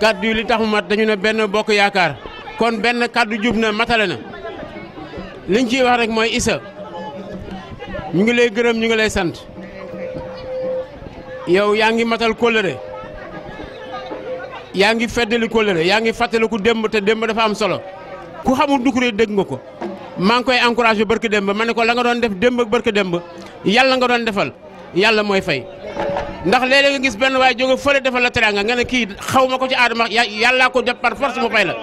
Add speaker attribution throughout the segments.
Speaker 1: kaddu yi li tax mu mat dañu ne benn bokk yaakaar kon benn kaddu jub na matale na liñ ciy wax rek mooy Issa ñu ngi lay gërëm ñu ngi lay sant yow yaa ngi matal kóllëre yaa ngi feddali kóllëre yaa ngi fàttaliku démb te démb dafa am solo ku xamul Doucouré dégg nga ko maa ngi koy encouragé barke démb ma ne ko la nga doon def démb ak barke démb yàlla nga doon defal yàlla mooy fay. ndax léeg nga gis ben way jóge fële defal la teranga nga ne kii xaw ko ci aadama yalla ko def par force mu fay la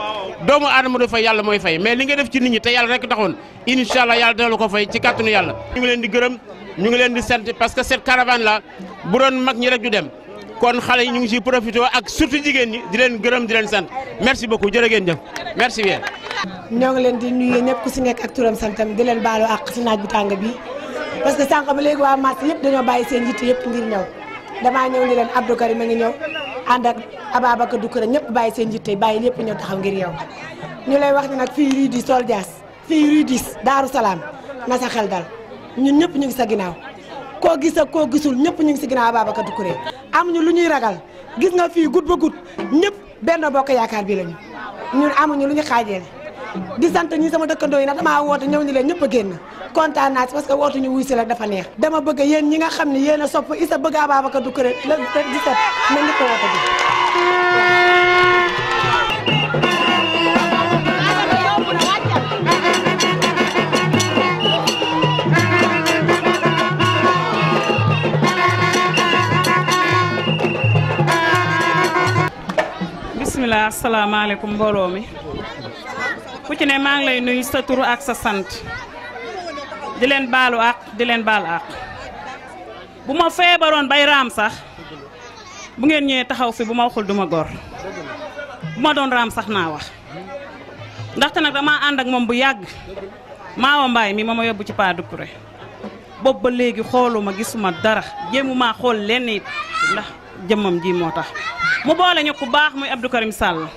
Speaker 1: doomu aadama du fay yalla moy fay mais li nga def ci nit ñi te yalla rek taxoon inshallah yalla yàlla la ko fay ci katunu yalla ñu ngi leen di gërëm ñu ngi leen di sant parce que cette caravane là bu doon mag ñi rek du dem kon xalé ñu ngi ci profité ak surtout jigen ñi di leen gërëm di leen sant merci beaucoup jërë ngeen jëf merci bien
Speaker 2: ñoo ngi leen di nuyu ñëpp ku ci nekk ak turam santam di leen balu ak ci naaj bu tang bi parce que sànq ba léegi waa marché yëpp dañoo bayyi seen jitt yépp ngir ñëw damaa ñëw ni leen Abdou Karim a ngi ñëw ànd ak Ababacar Doucouré ñëpp bàyyi seen yitte bàyyi lépp ñëw taxaw ngir yow ñu lay wax ñu nag fii rue du Soldias fii rue 10 Daaru Salaam na sa xel dal ñun ñëpp ñu ngi sa ginnaaw koo gis koo gisul ñëpp ñu ngi si ginnaaw Ababacar Doucouré amuñu lu ñuy ragal gis nga fii gud ba gudd ñëpp benn bokk yaakaar bi lañu ñun amuñu lu ñu xaajee di sant ñi sama dëkkandoo yi nag damaa woote ñëw ñu leen ñëpp a génn kontaan naa si parce que wootuñu wuy si la dafa neex dama bëgg yéen ñi nga xam ne yéen a sopp Issa bëgg Ababacar Doucouré le 17 na ngi ko woote
Speaker 3: bi bismillah asalaamaaleykum mbooloo mi ku ci ne maa ngi lay nuyu sa ak sa sant di leen baalu àq di leen baal àq bu ma feebaroon bay raam sax bu ngeen ñëwee taxaw fi bu ma waxul duma gor bu ma doon raam sax naa wax ndaxte nag dama ànd ak moom bu yàgg maawa mbaay mi ma ma yóbbu ci paa Dukkure boobu ba léegi xoolu ma gisuma dara jéemu maa xool lenn it ndax jëmmam ji moo tax mu boole ñu ku baax muy Abdou Karim Sall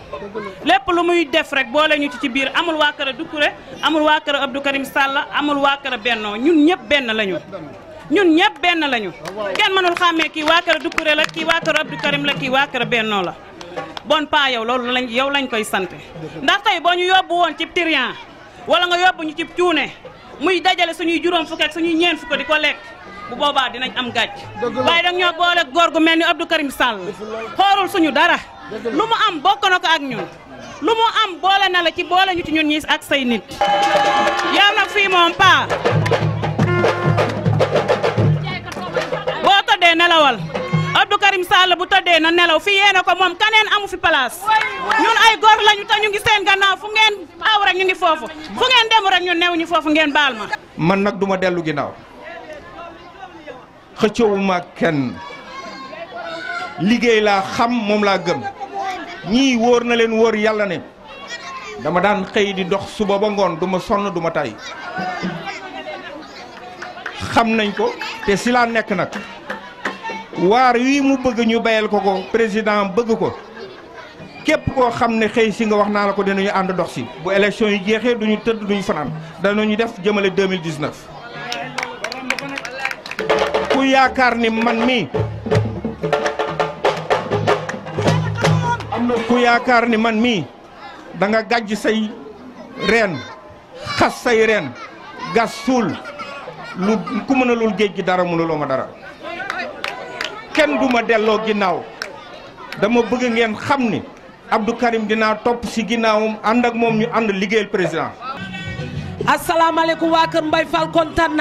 Speaker 3: lépp lu muy def rek boole ñu ci ci biir amul waa kër Doucouré amul waa kër Abdou Karim Sall amul waa kër Bennoo ñun ñëpp benn lañu ñun ñëpp benn lañu kenn mënul xàmmee kii waa kër Doucouré la kii waa kër Abdou Karim la kii waa kër Bennoo la bon pa yow loolu lañ yow lañ koy sante ndax tey boo ñu yóbbu woon ci trian wala nga yóbbu ñu ci cuune muy dajale suñuy juróom fukk suñuy ñeen fukk di ko lekk bu boba dinañ am gàcc waaye rek ñoo boole gor gu melni Abdou Karim Sall xorul suñu dara lu mu am bokk na ak ñun lu mu am boole na la ci boole ñu ci ñun ñiis ak say nit yalla fi mom pa paa boo nelawal Abdou Karim Sall bu tëddee na nelaw fi yéena ko mom kanen amu fi place ñun ay gor lañu ta ñu ngi seen ganna fu ngeen aw rek ñu ngi fofu fu ngeen dem rek ñu neewu ñu fofu ngeen balma
Speaker 4: man nak duma delu ginaaw xëccëwuma kenn liggéey laa xam moom laa gëm ñii wóor na leen wóor yàlla ne dama daan xëy di dox suba ba ngoon duma ma sonn duma ma tay xam nañ ko te si laa nekk nag waar wi mu bëgg ñu bayal ko ko président bëgg ko képp koo xam ne xëy si nga wax naa la ko dinañu ànd dox si bu élection yi jeexee duñu tëdd duñu fanaan danañu def jëmale 2019 yaakar ni man mi amna ku yaakar ni man mi da nga gàjj say ren khas say ren gasul lu ku mënalul géej gi dara meuna loma dara ken duma ma ginaaw dama bëgg ngeen xamni Abdou Karim dina top ci ginaawum and ak mom ñu ànd liggéeyal président
Speaker 5: asalaamaaleykum waa kër Mbaye Fall kontaan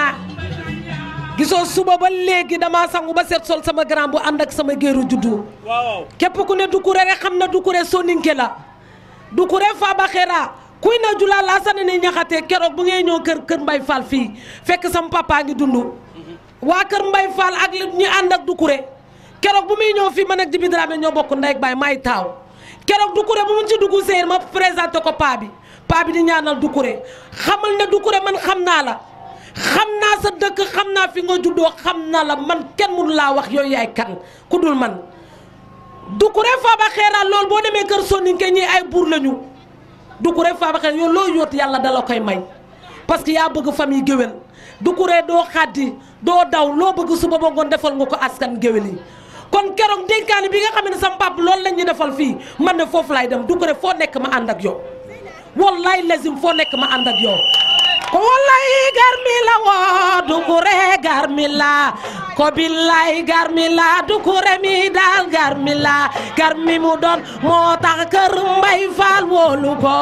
Speaker 5: gisoo suba ba léegi damaa sangu ba set sol sama grand bu ànd ak sama géeru juddu waaw képp ku ne Doucouré rek xam na Doucouré soninke la Doucouré fabaxera kuy na julaa laa sane ne ñaxate keroog bu ngay ñëw kër kër Mbay Fall fii fekk sama papa ngi dund mhm. waa kër Mbay Fall ak ñi ànd ak Doucouré keroog bu muy ñëw fii man ak Djibi Dramé ñoo bokk ndey baay maay taaw keroog Doucouré bu mu ci dugg séer ma présenté ko paa bi paa bi di ñaanal Doucouré xamal ne Doucouré man xam naa la xam naa sa dëkk xam naa fi nga juddoo xam naa la man kenn mënu laa wax yooyu yaay kan ku dul man Doucouré Faba Xeera loolu boo demee kër Soninke ñi ay buur lañu Doucouré Faba Xeera yow loo yóot yàlla dala koy may parce que yaa bëgg famille géwél Doucouré doo xaddi doo daw loo bëgg suba ba ngoon defal nga ko askan géwél yi kon keroog dénkaani bi nga xam ne sama papa loolu la ñuy defal fii man ne foofu laay dem Doucouré foo nekk ma ànd ak yow wallaay lazim foo nekk ma ànd ak ko wallay garmila wo dugure garmila ko billay garmila dugure mi daal garmila garmi mu doon moo tax kër mbay faal wóolu ko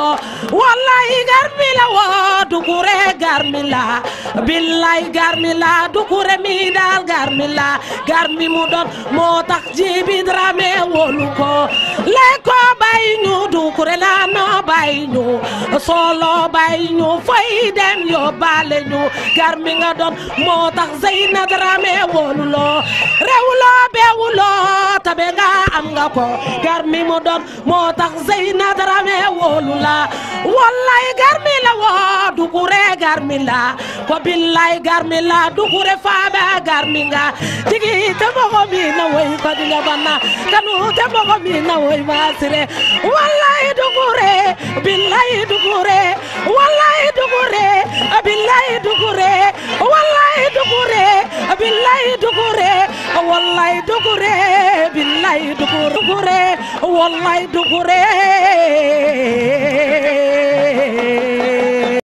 Speaker 5: wallay garmila wo dugure garmila billay garmi la du kure garmi la garmi mu doon moo tax jibi drame wolu ko le ko bay ñu du la no bay ñu solo bay ñu foy dem yo ñu garmi nga doon moo tax zeyna drame wolu lo rewlo bewlo tabe nga am nga ko garmi mu doon moo tax zeyna drame wolu la wallay garmi la wo du garmi la billahi garmi laa duxure faaba garmi nga tigi te mogo mi na woy kadinga banna kanu te mogo mi na woy maasire wallaay duxure billaay duxure wallaay duxure billahi duxure wallaay duxure billaay duxure wallaay duxure billaay duxure wallaay duxure